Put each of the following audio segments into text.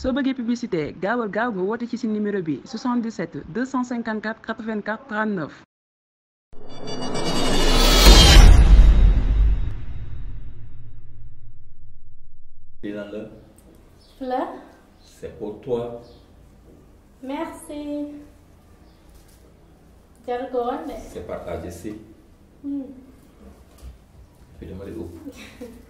soo publicité gaawal gaaw nga woote ci numéro bi 77 254 84 39. c'est pour toi. merci. c'est partagé ici. Hmm. Fais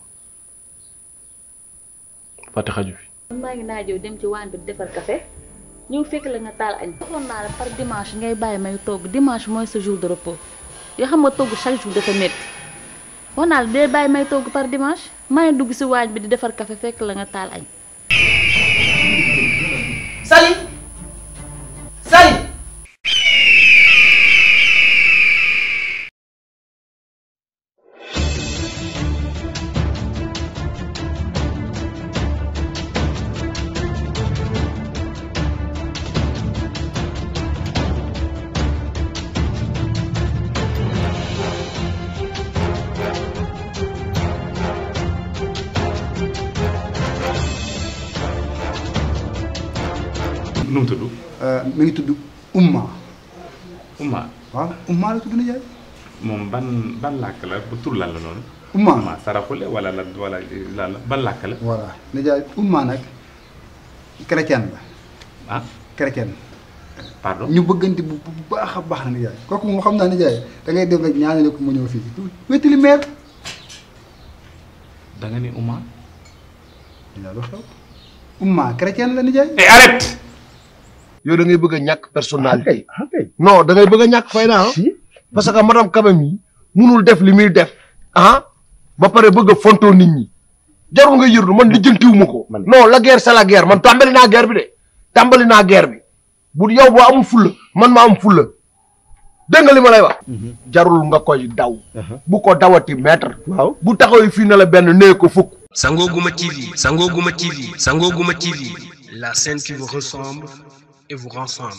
fàtte xaju fi. maa ngi naajoo dem ci waañ bi defar café ñëw fekk la nga taal añ. par dimanche ngay bàyyi may togg dimanche mooy sa jour de repos yoo xam nga togg chaque jour dafa métti waxoon naa la day bàyyi may togg par dimanche maa ngi dugg si waañ bi di defar kafe fekk la nga taal añ. nu mu tudd eh, mi ngi tudd umma umma waaw umma la tudd na jaay moom ban ban làkk la bu tur lan la noonu umma umma saraxule wala la wala la ban làkk la voilà na jaay umma nag chrétien la ah chrétien pardon ñu bëggante bu bu baax a baax na nijaay kooku moom xam naa nijaay da ngay dem rek ñaanale ko mu ñëw fii wétali meer da nga ni umma nijaay lu xew umma chrétien la nijaay et eh, arrête yow da ngay bëgg a ñàkk personnalité non da ngay bëgg a ñàkk fayda ah. parce que madame Kabam yi mënul def limuy def han ah. ba paré bëgg a nit ñi jarul nga yërlu man wu mako non la guerre c'est la guerre man tambali na guerre bi de tambali na guerre bi bu yow bo amul ful man ma am ful deng nga li lay wax mhm. jarul nga koy daw uh-huh. bu ko dawati maître waaw bu taxaw fi na la ben nee ko sangoguma tv sangoguma tv sangoguma tv la scène qui vous ressemble et vous rassemble.